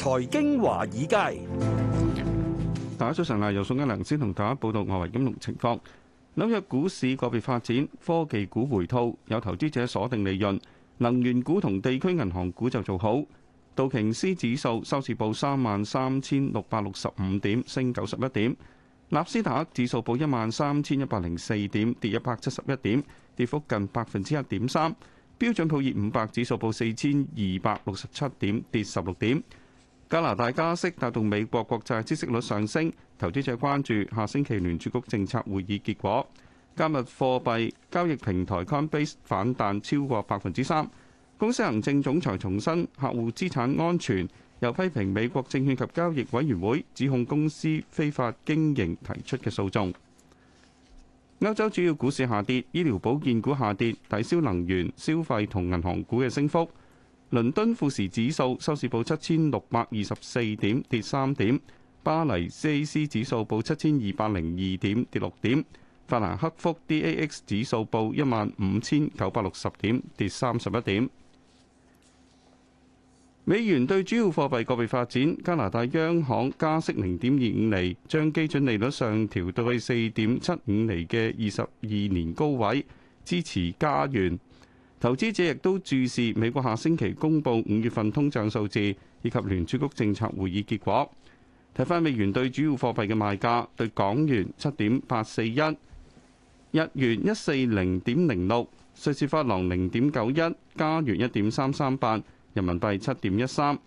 財經華爾街，大家早晨啦！由宋一良先同大家報道外圍金融情況。紐約股市個別發展，科技股回吐，有投資者鎖定利潤。能源股同地區銀行股就做好。道瓊斯指數收市報三萬三千六百六十五點，升九十一點。納斯達克指數報一萬三千一百零四點，跌一百七十一點，跌幅近百分之一點三。標準普爾五百指數報四千二百六十七點，跌十六點。加拿大加息帶動美國國債孳息率上升，投資者關注下星期聯儲局政策會議結果。加密貨幣交易平台 Coinbase 反彈超過百分之三。公司行政總裁重申客戶資產安全，又批評美國證券及交易委員會指控公司非法經營提出嘅訴訟。歐洲主要股市下跌，醫療保健股下跌，抵消能源、消費同銀行股嘅升幅。倫敦富時指數收市報七千六百二十四點，跌三點；巴黎 CAC 指數報七千二百零二點，跌六點；法蘭克福 DAX 指數報一萬五千九百六十點，跌三十一點。美元對主要貨幣個別發展，加拿大央行加息零點二五厘，將基準利率上調到去四點七五厘嘅二十二年高位，支持加元。投資者亦都注視美國下星期公布五月份通脹數字，以及聯儲局政策會議結果。睇返美元對主要貨幣嘅賣價，對港元七點八四一，日元一四零點零六，瑞士法郎零點九一，加元一點三三八，人民幣七點一三，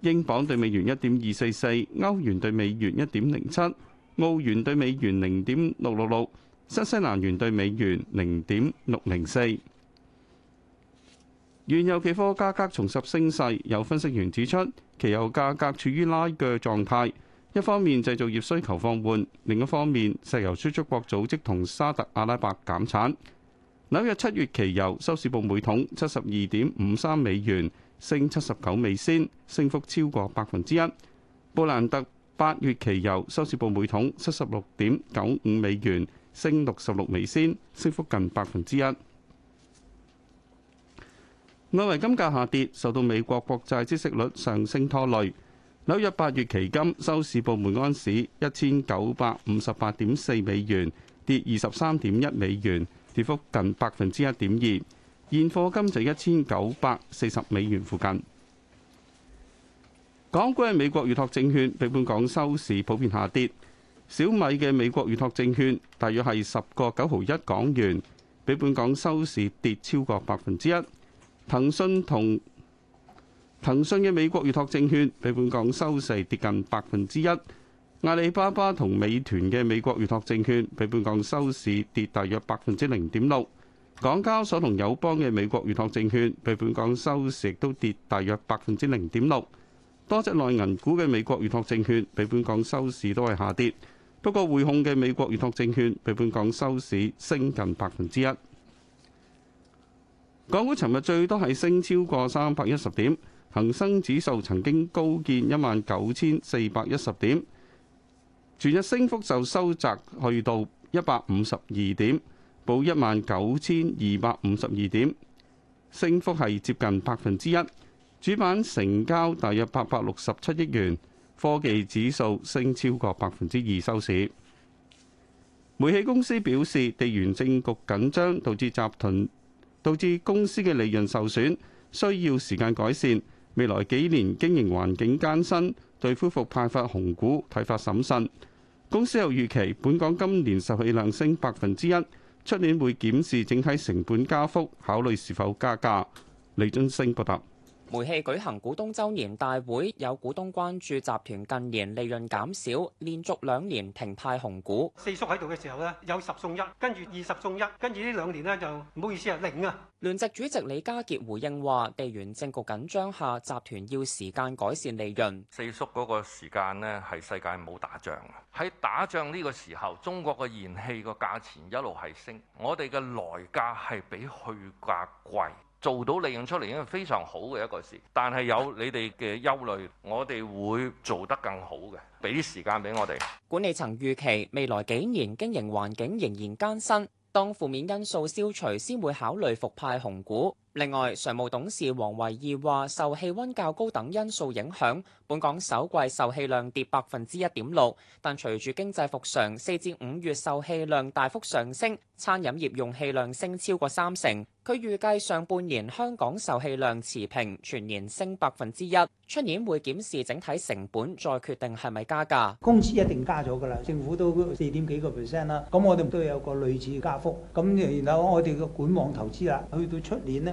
英鎊對美元一點二四四，歐元對美元一點零七，澳元對美元零點六六六，新西蘭元對美元零點六零四。原油期貨價格重拾升勢，有分析員指出，期油價格處於拉鋸狀態。一方面製造業需求放緩，另一方面石油輸出國組織同沙特阿拉伯減產。紐約七月期油收市報每桶七十二點五三美元，升七十九美仙，升幅超過百分之一。布蘭特八月期油收市報每桶七十六點九五美元，升六十六美仙，升幅近百分之一。外圍金價下跌，受到美國國債孳息率上升拖累。紐約八月期金收市報每安士一千九百五十八點四美元，跌二十三點一美元，跌幅近百分之一點二。現貨金就一千九百四十美元附近。港股嘅美國預託證券，比本港收市普遍下跌。小米嘅美國預託證券大約係十個九毫一港元，比本港收市跌超過百分之一。騰訊同騰訊嘅美國預託證券，比本港收市跌近百分之一，阿里巴巴同美團嘅美國預託證券比本港收市跌大約百分之零點六，港交所同友邦嘅美國預託證券比本港收市亦都跌大約百分之零點六，多隻內銀股嘅美國預託證券比本港收市都係下跌，不過匯控嘅美國預託證券比本港收市升近百分之一。港股尋日最多係升超過三百一十點，恒生指數曾經高見一萬九千四百一十點，全日升幅就收窄去到一百五十二點，報一萬九千二百五十二點，升幅係接近百分之一。主板成交大約八百六十七億元，科技指數升超過百分之二收市。煤氣公司表示，地緣政局緊張導致集團。導致公司嘅利潤受損，需要時間改善。未來幾年經營環境艱辛，對恢復派發紅股睇法審慎。公司又預期本港今年售氣量升百分之一，出年會檢視整體成本加幅，考慮是否加價。李津升報道。煤氣舉行股東周年大會，有股東關注集團近年利潤減少，連續兩年停派紅股。四叔喺度嘅時候呢，有十送一，跟住二十送一，跟住呢兩年呢，就唔好意思啊，零啊。聯席主席李家傑回應話：地緣政局緊張下，集團要時間改善利潤。四叔嗰個時間呢，係世界冇打仗。喺打仗呢個時候，中國嘅燃氣個價錢一路係升，我哋嘅來價係比去價貴。做到利用出嚟，已經係非常好嘅一個事。但係有你哋嘅憂慮，我哋會做得更好嘅。俾啲時間俾我哋。管理層預期未來幾年經營環境仍然艱辛，當負面因素消除，先會考慮復派紅股。另外，常務董事王維義話：受氣温較高等因素影響，本港首季售氣量跌百分之一點六。但隨住經濟復常，四至五月售氣量大幅上升，餐飲業用氣量升超過三成。佢預計上半年香港售氣量持平，全年升百分之一。出年會檢視整體成本，再決定係咪加價。工資一定加咗㗎啦，政府都四點幾個 percent 啦，咁我哋都有個類似嘅加幅。咁然後我哋嘅管網投資啦，去到出年呢。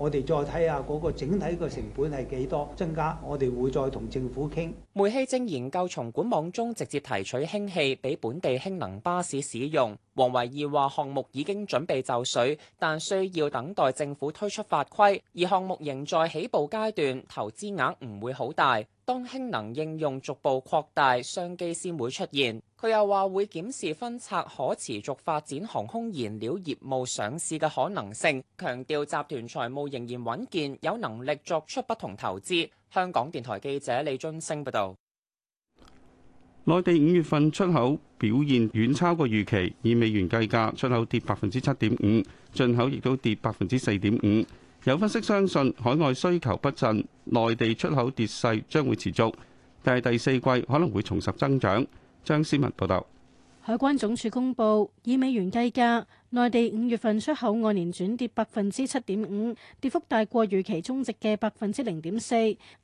我哋再睇下嗰個整體嘅成本係幾多增加，我哋會再同政府傾。煤氣正研究從管網中直接提取氫氣俾本地氫能巴士使用。王維義話，項目已經準備就緒，但需要等待政府推出法規，而項目仍在起步階段，投資額唔會好大。當氫能應用逐步擴大，商機先會出現，佢又話會檢視分拆可持續發展航空燃料業務上市嘅可能性，強調集團財務。仍然穩健，有能力作出不同投資。香港電台記者李津升報道：「內地五月份出口表現遠超過預期，以美元計價，出口跌百分之七點五，進口亦都跌百分之四點五。有分析相信，海外需求不振，內地出口跌勢將會持續，但係第四季可能會重拾增長。」張思文報道：「海關總署公布，以美元計價。內地五月份出口按年轉跌百分之七點五，跌幅大過預期中值嘅百分之零點四。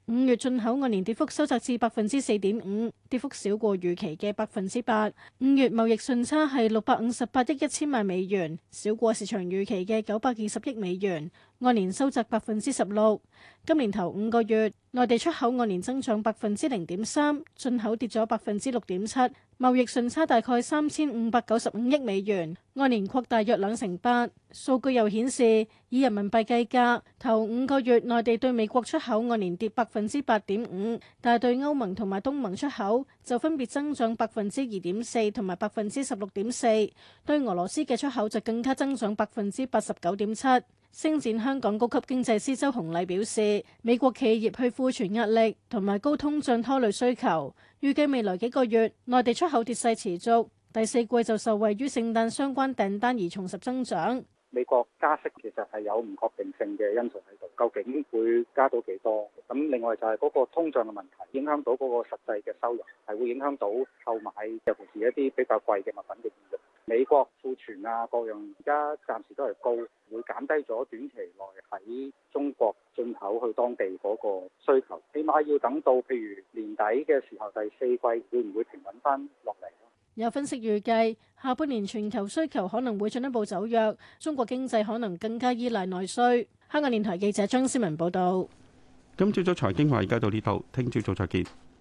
五月進口按年跌幅收窄至百分之四點五，跌幅少過預期嘅百分之八。五月貿易順差係六百五十八億一千萬美元，少過市場預期嘅九百二十億美元，按年收窄百分之十六。今年頭五個月，內地出口按年增長百分之零點三，進口跌咗百分之六點七，貿易順差大概三千五百九十五億美元。按年擴大約兩成八，數據又顯示以人民幣計價，頭五個月內地對美國出口按年跌百分之八點五，但對歐盟同埋東盟出口就分別增長百分之二點四同埋百分之十六點四，對俄羅斯嘅出口就更加增長百分之八十九點七。星展香港高級經濟師周紅禮表示，美國企業去庫存壓力同埋高通脹拖累需求，預計未來幾個月內地出口跌勢持續。第四季就受惠於聖誕相關訂單而重拾增長。美國加息其實係有唔確定性嘅因素喺度，究竟會加到幾多？咁另外就係嗰個通脹嘅問題影響到嗰個實際嘅收入，係會影響到購買尤其係一啲比較貴嘅物品嘅意欲。美國庫存啊，各樣而家暫時都係高，會減低咗短期內喺中國進口去當地嗰個需求。起碼要等到譬如年底嘅時候，第四季會唔會平穩翻落嚟？有分析預計，下半年全球需求可能會進一步走弱，中國經濟可能更加依賴內需。香港電台記者張思文報道。今朝早財經華爾街到呢度，聽朝早再見。